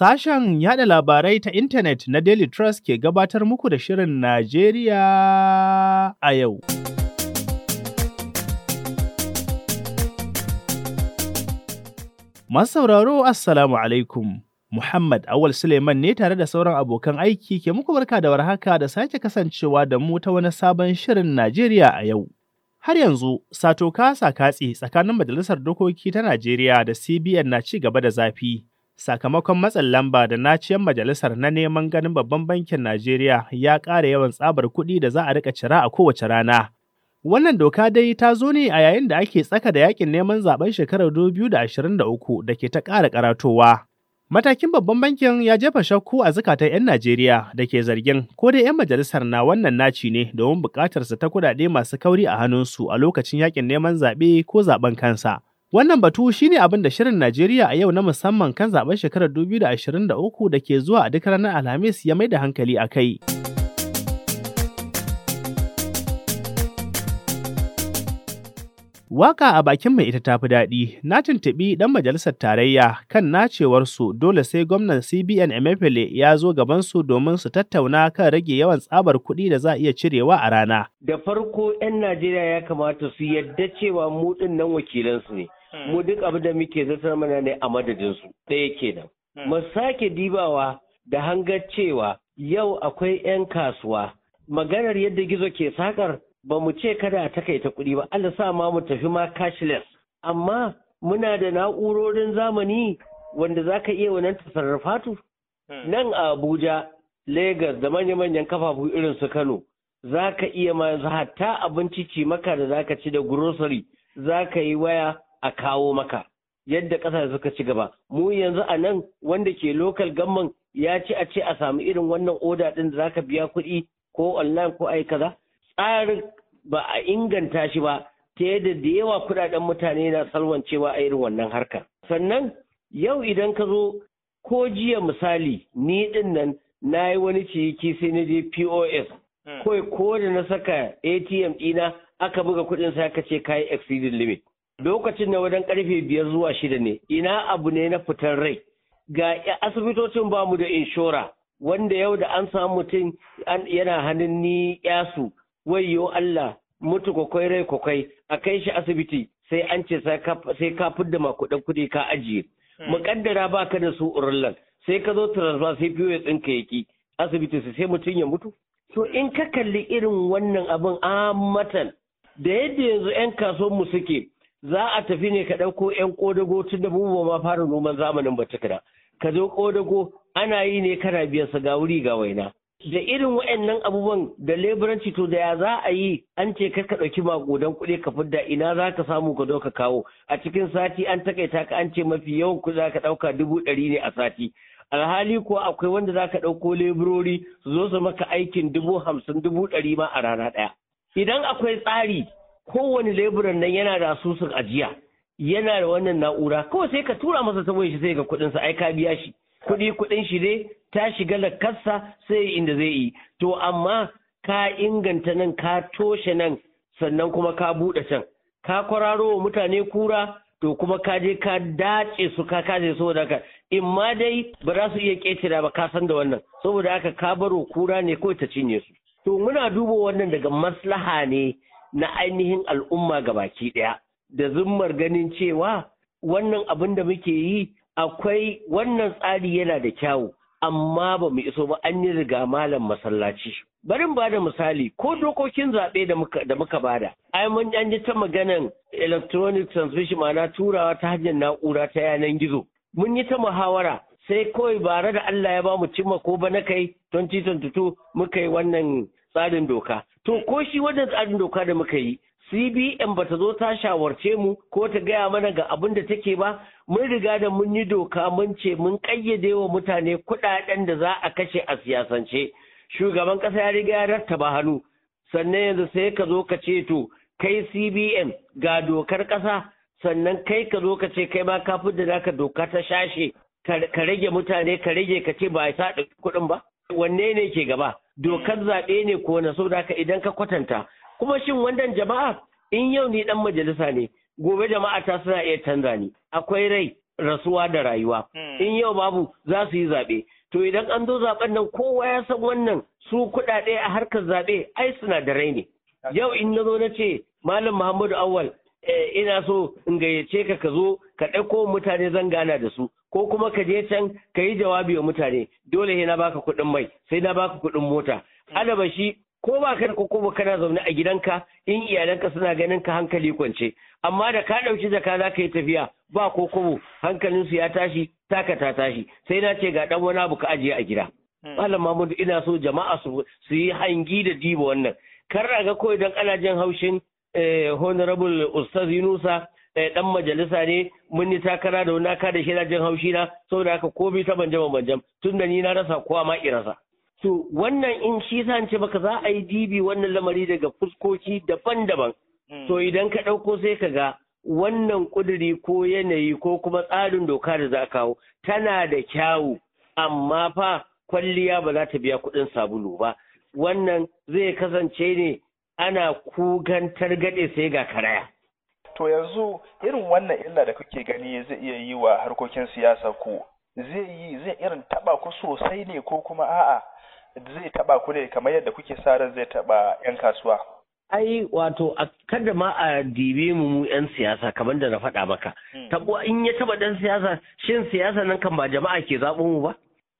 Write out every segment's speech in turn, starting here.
Sashen yada labarai ta intanet na Daily Trust ke gabatar muku da Shirin Najeriya a yau. Masu sauraro Assalamu alaikum. Muhammad Awal Suleiman ne tare da sauran abokan aiki ke muku barka da warhaka da sake kasancewa da mu ta wani sabon Shirin Najeriya a yau. Har yanzu, sato kasa katse tsakanin Majalisar Dokoki ta Najeriya da CBN na ci gaba da zafi. sakamakon matsin lamba da naciyar majalisar na neman ganin babban bankin Najeriya ya ƙara yawan tsabar kuɗi da za a rika cira a kowace rana. Wannan doka dai ta zo ne a yayin da ake tsaka da yakin neman zaben shekarar 2023 da ke ta ƙara karatowa. Matakin babban bankin ya jefa shakku a zukatan 'yan Najeriya da ke zargin ko dai 'yan majalisar na wannan naci ne domin buƙatarsa ta kudade masu kauri a hannunsu a lokacin yakin neman zaɓe ko zaben kansa. Wannan batu shine ne abin da shirin Najeriya a yau na musamman kan zaɓen shekarar 2023 da ke zuwa a duk ranar Alhamis ya mai da hankali a kai. Waka a bakin mai ita tafi daɗi, na tuntuɓi ɗan majalisar tarayya kan nacewar su, dole sai gwamnan CBN Emefiele ya zo gabansu domin su tattauna kan rage yawan tsabar kuɗi da za iya cirewa a rana. Da farko 'yan Najeriya ya kamata su yadda cewa mu nan wakilansu ne. mu hmm. duk abin da muke zartar mana ne a madadin su ɗaya kenan hmm. mu sake dibawa da hangar cewa yau akwai 'yan kasuwa maganar yadda gizo ke sakar ba mu ce kada a takaita kuɗi ba Allah sa ma mu tafi ma cashless amma muna da na'urorin zamani wanda za ka iya wannan tasarrafatu hmm. nan a Abuja Lagos da manya-manyan kafafu irin su Kano za ka iya ma hatta abinci ci maka da za ka ci da grocery za ka yi waya a kawo maka yadda ƙasa suka ci gaba mu yanzu a nan wanda ke lokal gamman ya ci a ce a samu irin wannan oda ɗin da zaka biya kuɗi ko online ko ai kaza tsarin ba a inganta shi ba ta yadda da yawa kuɗaɗen mutane na salwancewa a irin wannan harkar sannan yau idan ka zo ko jiya misali ni ɗin nan na yi wani ciki sai na je pos hmm. ko ko da na saka atm ɗina aka buga kuɗin sai ka ce kayi exceeding limit lokacin da wajen karfe biyar zuwa shida ne ina abu ne na fitar rai ga asibitocin bamu da inshora wanda yau da an samu mutum yana hannun ni yasu wayo Allah mutu kwakwai rai kwakwai a kai shi asibiti sai an ce sai ka fidda makudan kudi ka ajiye hmm. mukaddara ba ka da su urullan sai ka zo transfer sai fi ya tsinka yaki asibiti sai mutum ya mutu to in ka kalli irin wannan abin Amatan. da yadda yanzu 'yan kasuwan mu suke za a tafi ne ka ɗauko 'yan ƙodago tun da bubuwa ma fara noman zamanin ba tukuna ka zo ƙodago ana yi ne kana biyan sa. ga wuri ga waina da irin wa'annan abubuwan da leburanci to da ya za a yi an ce kar ka ɗauki maƙudan kuɗi ka fidda ina za ka samu ka zo ka kawo a cikin sati an takaita ka an ce mafi yawan kuɗi za ka ɗauka dubu ɗari ne a sati alhali ko akwai wanda za ka ɗauko leburori su zo su maka aikin dubu hamsin dubu ɗari ma a rana ɗaya idan akwai tsari kowane leburan nan yana da asusun ajiya yana da wannan na'ura kawai sai ka tura masa saboda shi sai ga kuɗin sa ai ka biya shi kuɗi kuɗin shi dai ta shiga lakarsa sai inda zai yi to amma ka inganta nan ka toshe nan sannan kuma ka buɗe can ka kwararo wa mutane kura to kuma ka je ka dace su ka kaje saboda haka in ma dai ba za su iya ƙetare ba ka san da wannan saboda haka ka baro kura ne kawai ta cinye su to muna duba wannan daga maslaha ne na ainihin al'umma ga baki ɗaya da zummar ganin cewa wannan abin da muke yi akwai wannan tsari yana da kyawu amma ba mu iso ba an yi riga malam masallaci barin ba da misali ko dokokin zaɓe da muka bada ai mun an yi ta maganan electronic transmission ma'ana turawa ta hanyar na'ura ta yanar gizo mun yi ta muhawara sai kawai bare da Allah ya ba mu cimma ko ba na kai 2022 muka yi wannan tsarin doka to ko shi wannan tsarin doka da muka yi CBN ba ta zo ta shawarce mu ko ta gaya mana ga abin da take ba mun riga da mun yi doka mun ce mun ƙayyade wa mutane kuɗaɗen da za a kashe a siyasance shugaban ƙasa ya riga ya rattaba hannu sannan yanzu sai ka zo ka ce to kai CBN ga dokar ƙasa sannan kai ka zo ka ce kai ma kafin da naka doka ta shashe ka rage mutane ka rage ka ce ba ya sa kuɗin ba wanne ne ke gaba dokar mm. zaɓe ne ko na so haka idan ka kwatanta kuma shin wannan jama'a in yau ni dan majalisa ne gobe jama'a ta suna iya canza ni akwai rai rasuwa da rayuwa mm. in yau babu za su yi zaɓe to idan an zo zaɓen nan kowa ya san wannan su kuɗaɗe a harkar zaɓe ai sinadarai ne yau in na zo na ce malam muhammadu awal eh, ina so in gayyace ka ka zo ka ɗauko mutane zan gana da su ko kuma ka je can ka yi jawabi wa mutane dole sai na baka kuɗin mai sai na baka kuɗin mota mm. adaba shi ko ba ka ko kuma kana zaune a gidanka in iyalanka suna ganin ka hankali kwance amma da ka ɗauki jaka za ka yi tafiya ba ko kobo su ya tashi taka ta tashi sai na ce ga ɗan wani abu ka ajiye a gida mm. malam Mahmud ina so jama'a su yi hangi da diba wannan kar a ga ko idan ana jin haushin eh, honorable ustaz yunusa Ɗan eh, majalisa ne mun yi takara da wani kada shi na jin haushi na saboda haka ko bi ta banjam banjam tun da ni na rasa ko ma irasa to wannan in shi sa ce baka za a yi dibi wannan lamari daga fuskoki daban-daban hmm. to idan ka ɗauko sai ka ga wannan kuduri ko yanayi ko kuma tsarin doka da za kawo tana da kyawu amma fa kwalliya ba za ta biya kuɗin sabulu ba wannan zai kasance ne ana kugan targaɗe sai ga karaya. to yanzu irin wannan illa da kuke gani zai iya yi wa harkokin siyasa ku zai yi zai irin taba ku sosai ne ko kuma a'a zai taba ku ne kamar yadda kuke sa ran zai taba yan kasuwa ai wato a kada ma a dibe mu mu yan siyasa kamar da na faɗa maka hmm. tabo in ya taba dan siyasa shin siyasa nan kan ba jama'a ke zabo mu ba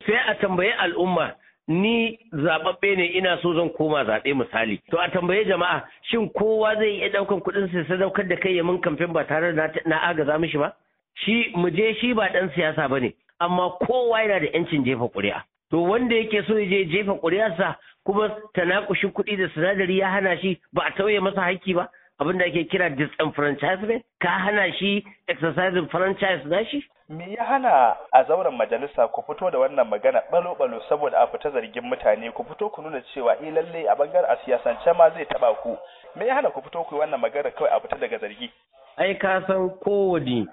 sai a tambayi al'umma ni zababbe ne ina so zan koma zaɓe misali to a tambaye jama'a shin kowa zai iya ɗaukan kuɗin sa sadaukar da kai ya min kamfen ba tare da na agaza mishi ba shi mu je shi ba ɗan siyasa ba ne amma kowa yana da yancin jefa ƙuri'a to wanda yake so ya je jefa ƙuri'arsa kuma tanakushin kuɗi da sinadari ya hana shi ba a tauye masa haƙƙi ba abin da ake kira disenfranchisement ka hana shi exercising franchise na shi me ya hana a zauren majalisa ku fito da wannan magana balo-balo saboda a fita zargin mutane ku fito ku nuna cewa eh lalle a bangaren a siyasance ma zai taba ku me ya hana ku fito ku yi wannan magana kawai a fita daga zargi ai ka san kowane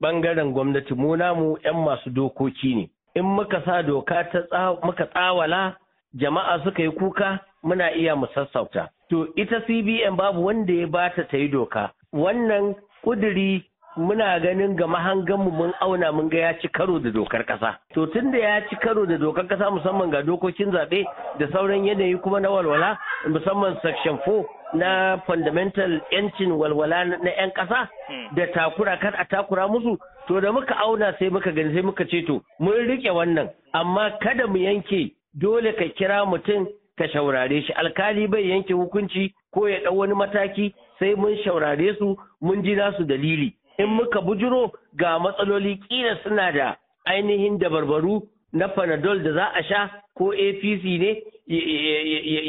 bangaren gwamnati mu namu yan masu dokoki ne in muka sa doka ta muka tsawala jama'a suka yi kuka muna iya mu sassauta. To ita CBN babu wanda ya bata ta yi doka. Wannan kuduri muna ganin ga mahanganmu mun auna mun ga ya ci karo da dokar kasa. To tun da ya ci karo da dokar kasa musamman ga dokokin zaɓe da sauran yanayi kuma na walwala musamman section 4 na fundamental yancin walwala na 'yan kasa hmm. da takura kan a takura musu to da muka auna sai muka gani sai muka ce to mun riƙe wannan amma kada mu yanke dole ka kira mutum ka shaurare shi alkali bai yanke hukunci ko ya ɗau wani mataki sai mun shaurare su mun ji nasu dalili in muka bujiro ga matsaloli kila suna da ainihin dabarbaru na panadol da za a sha ko apc ne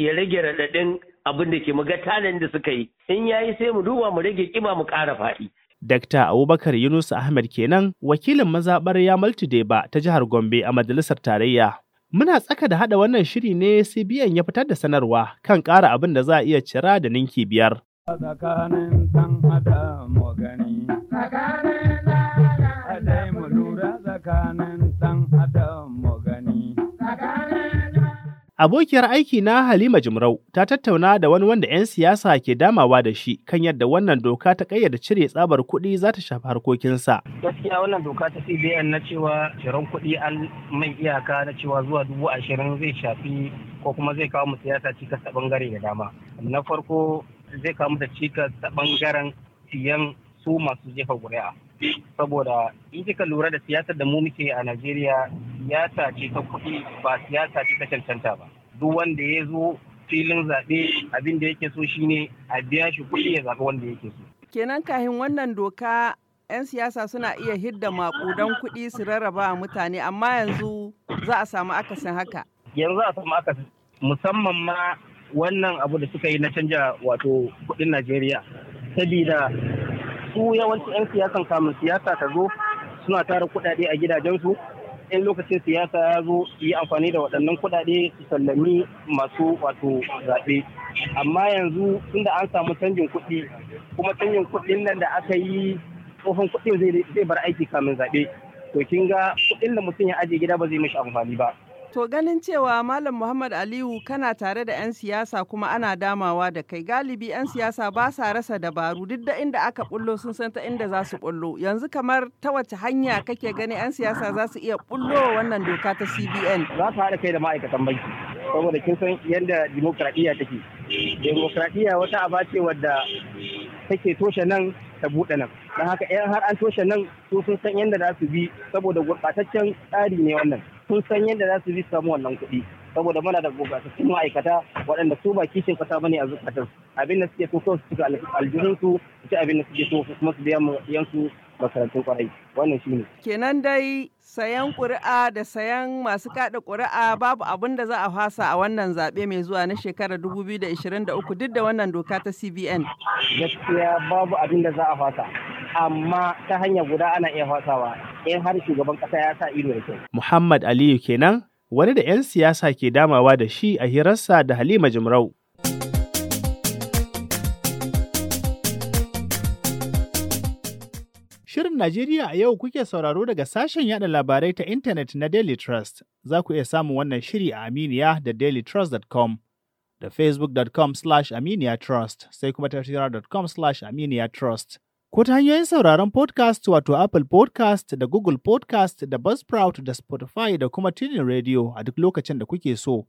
ya rage raɗaɗin abin da ke muga tanan da suka yi in ya yi sai mu duba mu rage kima mu ƙara faɗi. Dakta Abubakar Yunus Ahmed kenan wakilin mazaɓar ya multi ba ta jihar Gombe a majalisar tarayya. Muna tsaka da haɗa wannan shiri ne CBN ya fitar da sanarwa kan ƙara abin da za a iya cira da ninki biyar. Abokiyar aiki na Halima Jimrau ta tattauna da wani wanda 'yan siyasa ke damawa da shi kan yadda wannan doka ta kayyada cire tsabar kuɗi za ta shafi harkokinsa. Gaskiya wannan doka ta CBN na cewa shirin kuɗi an mai iyaka na cewa zuwa dubu ashirin zai shafi ko kuma zai kawo mu siyasa cikas ta bangare da dama. Na farko zai kawo mu cikas ta bangaren siyan su masu jefa guri'a. Saboda in kika lura da siyasar da mu muke a Najeriya siyasa ce ta kuɗi ba siyasa ce ta cancanta ba duk wanda ya zo filin zaɓe abin da yake so shine a biya shi kuɗi ya zaɓi wanda yake so kenan kahin wannan doka 'yan siyasa suna iya hidda maƙudan kuɗi su rarraba a mutane amma yanzu za a samu akasin haka yanzu a samu akasin musamman ma wannan abu da suka yi na canja wato kuɗin najeriya sabida su yawanci 'yan siyasan kamun siyasa ta zo suna tara kuɗaɗe a gidajensu in lokacin siyasa ya zo yi amfani da waɗannan kuɗaɗe su sallami masu wato zaɓe amma yanzu tunda an samu canjin kuɗi kuma canjin kuɗin nan da aka yi tsohon kuɗin zai bar aiki kamin zaɓe to kin ga kuɗin da mutum ya ajiye gida ba zai mishi amfani ba To ganin cewa Malam Muhammad Aliyu kana tare da 'yan siyasa kuma ana damawa da kai galibi 'yan siyasa ba sa rasa dabaru duk da inda aka bullo sun san ta inda za su bullo. Yanzu kamar ta wace hanya kake gani 'yan siyasa za su iya bullo wannan doka ta CBN. Za ta haɗa kai da ma'aikatan banki saboda kin san yadda dimokuraɗiyya take. Dimokuraɗiyya wata aba ce wadda take toshe nan ta buɗe nan don haka 'yan har an toshe nan su sun san yadda za su bi saboda gurɓataccen tsari ne wannan sun san yadda za su bi samu wannan kuɗi saboda muna da gobatattun ma'aikata waɗanda su ba kishin kasa bane a zukatan abin da suke so su cika aljihun su ci abin da suke so kuma su biya su makarantun kwarai wannan shine kenan dai sayan ƙuri'a da sayan masu kaɗa ƙuri'a babu abin da za a fasa a wannan zaɓe mai zuwa na shekarar 2023 duk da wannan doka ta CBN gaskiya babu abin da za a fasa amma ta hanyar guda ana iya fasawa in har shugaban ƙasa ya sa ido da kyau. Muhammad Aliyu kenan wani da 'yan siyasa ke damawa da shi a hirarsa da Halima Jimrau. Shirin Najeriya a yau kuke sauraro daga sashen yada labarai ta intanet na Daily Trust. Za ku iya samun wannan shiri a Aminiya da dailytrust.com da facebook.com slash aminiya trust sai kuma tashira.com slash aminiya trust. ko ta hanyoyin sauraron podcast wato Apple podcast da Google podcast da Buzzsprout da Spotify da kuma Tunin Radio a duk lokacin da kuke so.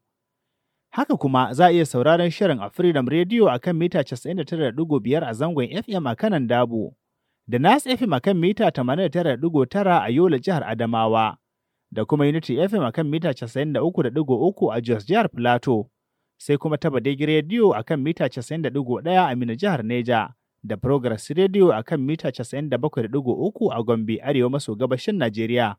Haka kuma za a iya sauraron shirin a Freedom Radio a kan mita 99.5 a zangon FM a kanan Dabo, da Nas FM a kan mita 89.9 a Yola jihar Adamawa, da kuma Unity FM a kan mita 93.3 a Jos jihar Plateau, sai kuma ta Badegi Radio a kan mita 91 a Mina jihar Neja. da Progress Radio a kan mita 97.3 a Gombe, Arewa maso gabashin Najeriya.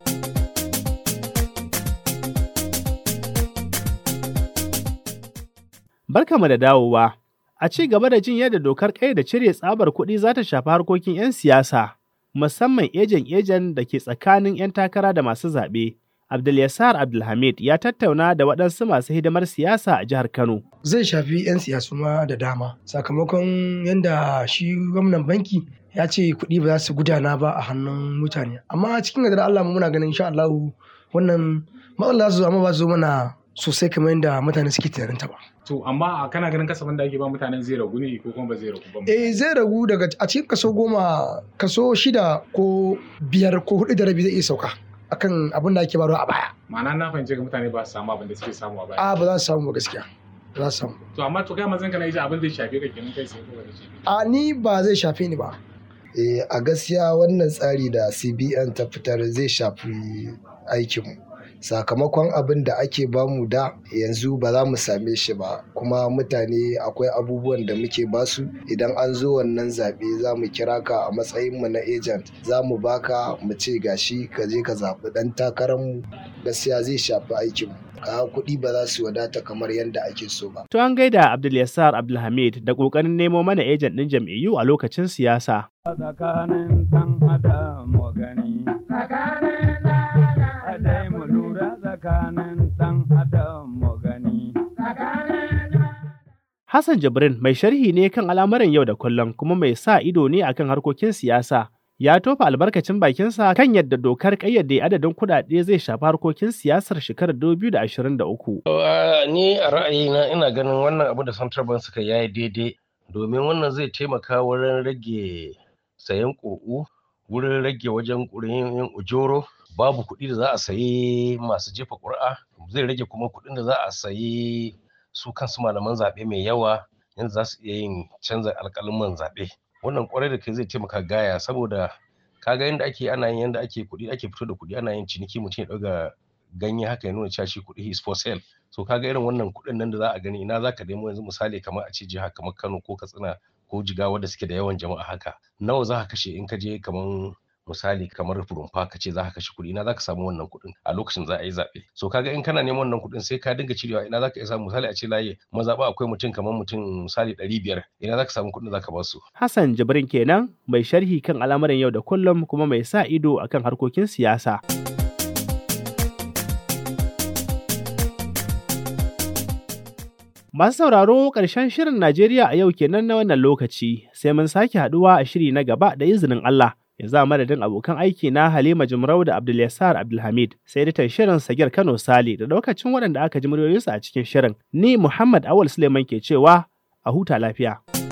mu da dawowa. A ci gaba da jin yadda dokar kai da cire tsabar kuɗi za ta shafi harkokin 'yan siyasa, musamman ejen-ejen da ke tsakanin 'yan takara da masu zaɓe. Abdulyasar Abdulhamid ya tattauna da waɗansu masu hidimar siyasa a jihar Kano. Zai shafi 'yan siyasu ma da dama sakamakon yadda shi gwamnan banki ya ce kuɗi ba za su gudana ba a hannun mutane. Amma cikin gadar Allah muna ganin insha Allah wannan matsala su amma ba su mana sosai kamar yadda mutane suke tunanin ta ba. To amma kana ganin kasafin da ake ba mutanen zai ragu ne ko kuma ba zai ragu ba? Eh zai ragu daga a cikin kaso goma kaso shida ko biyar ko hudu da rabi zai iya sauka. akan abin da ake baro a baya ma'ana na fahimci ga mutane ba su samu abin da suke samu a baya a ba za su samu ba gaskiya ba za su samu to amma to kai zan ka na ji abin zai shafe ka kenan kai sai ka a ni ba zai shafe ni ba eh a gaskiya wannan tsari da CBN ta fitar zai shafi aikinmu sakamakon abin da ake bamu da yanzu ba za mu same shi ba kuma mutane akwai abubuwan da muke basu idan an zo wannan zaɓe za mu kira ka a matsayinmu na agent za mu baka mu ce gashi ka je ka zaɓi ɗan takararmu gaskiya zai shafi aikin ka kuɗi ba za su wadata kamar yadda ake so ba. To an gaida Abdulyassar Abdulhamid da ƙoƙarin nemo mana ejent ɗin jam'iyyu a lokacin siyasa. Tsakanin ɗan adam mu gani. Tsakanin ɗan adam mu tsakanin ɗan adam Hassan Jibrin mai sharhi ne kan al'amuran yau da kullum kuma mai sa ido ne akan harkokin siyasa. Ya tofa albarkacin bakinsa kan yadda dokar kayyade adadin kuɗaɗe zai shafi harkokin siyasar shekarar 2023. Ni a ra'ayina ina ganin wannan abu da Central Bank suka yi daidai domin wannan zai taimaka wurin rage sayan ƙo'u, wurin rage wajen ƙuri'in ujoro, babu kuɗi da za a sayi masu jefa ƙuri'a zai rage kuma kuɗin da za a sayi su kansu malaman zaɓe mai yawa yanzu za su iya yin canza alƙalman zaɓe wannan ƙwarai da kai zai taimaka gaya saboda kaga yadda ake ana yin yadda ake kuɗi ake fito da kuɗi ana yin ciniki mutum ya ɗauka ganye haka ya nuna cewa kuɗi is for sale so kaga irin wannan kuɗin nan da za a gani ina za ka nemo yanzu misali kamar a ce jiha kamar Kano ko Katsina ko Jigawa da suke da yawan jama'a haka nawa za ka kashe in ka je kamar misali kamar rumfa ka ce za ka kashe kuɗi ina za ka samu wannan kuɗin a lokacin za a yi zaɓe so ga in kana neman wannan kuɗin sai ka dinga cirewa ina za ka isa misali a ce layi mazaɓa akwai mutum kamar mutum misali ɗari biyar ina za ka samu kuɗin za ka ba su. Hassan Jibrin kenan mai sharhi kan al'amuran yau da kullum kuma mai sa ido akan harkokin siyasa. Masu sauraro ƙarshen shirin Najeriya a yau kenan na wannan lokaci, sai mun sake haɗuwa a shiri na gaba da izinin Allah. yanzu a madadin abokan aiki na Halima Jumrau da Abdulyasar Abdulhamid sai editan shirin Sagir Kano sali da daukacin waɗanda aka ji muryoyinsu a cikin shirin ni Muhammad Awal Suleiman ke cewa a huta lafiya.